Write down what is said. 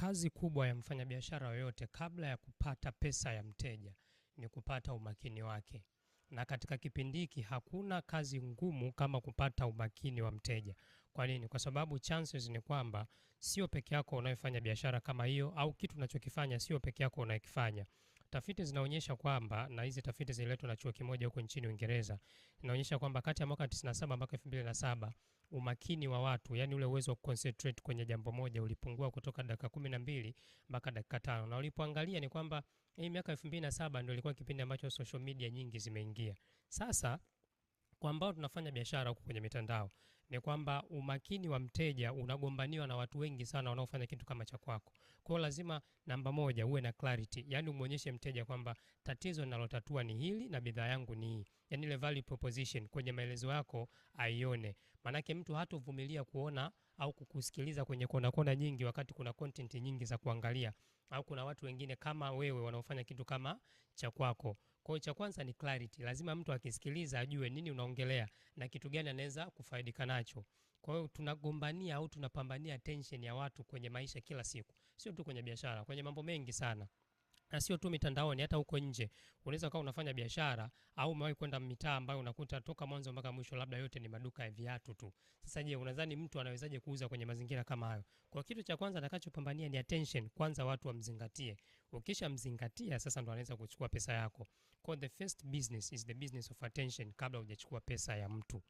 kazi kubwa ya mfanyabiashara yoyote kabla ya kupata pesa ya mteja ni kupata umakini wake, na katika kipindi hiki hakuna kazi ngumu kama kupata umakini wa mteja. Kwa nini? Kwa sababu chances ni kwamba sio peke yako unayofanya biashara kama hiyo, au kitu unachokifanya sio peke yako unayekifanya. Tafiti zinaonyesha kwamba, na hizi tafiti zililetwa na chuo kimoja huko nchini Uingereza, inaonyesha kwamba kati ya mwaka 97 mpaka 2007 umakini wa watu, yani ule uwezo wa concentrate kwenye jambo moja ulipungua kutoka dakika 12 mpaka dakika tano na ulipoangalia ni kwamba hii miaka 2007 ndio ilikuwa kipindi ambacho social media nyingi zimeingia. Sasa kwa ambao tunafanya biashara huko kwenye mitandao ni kwamba umakini wa mteja unagombaniwa na watu wengi sana wanaofanya kitu kama cha kwako. Kwa hiyo lazima namba moja uwe na clarity, yani umuonyeshe mteja kwamba tatizo ninalotatua ni hili na bidhaa yangu ni hii. Yani ile value proposition kwenye maelezo yako aione. Maanake mtu hatovumilia kuona au kukusikiliza kwenye kona kona nyingi wakati kuna content nyingi za kuangalia au kuna watu wengine kama wewe wanaofanya kitu kama cha kwako. Kwa cha kwanza ni clarity. Lazima mtu akisikiliza ajue nini unaongelea na kitu gani anaweza kufaidika nacho. Kwa hiyo tunagombania au tunapambania attention ya watu kwenye maisha kila siku, sio tu kwenye biashara, kwenye mambo mengi sana na sio tu mitandaoni, hata huko nje unaweza ukawa unafanya biashara au umewahi kwenda mitaa ambayo unakuta toka mwanzo mpaka mwisho labda yote ni maduka ya viatu tu. Sasa je, unadhani mtu anawezaje kuuza kwenye mazingira kama hayo? Kwa kitu cha kwanza atakachopambania ni attention, kwanza watu wamzingatie. Ukishamzingatia sasa ndo anaweza kuchukua pesa yako for the first business is the business of attention, kabla hujachukua pesa ya mtu.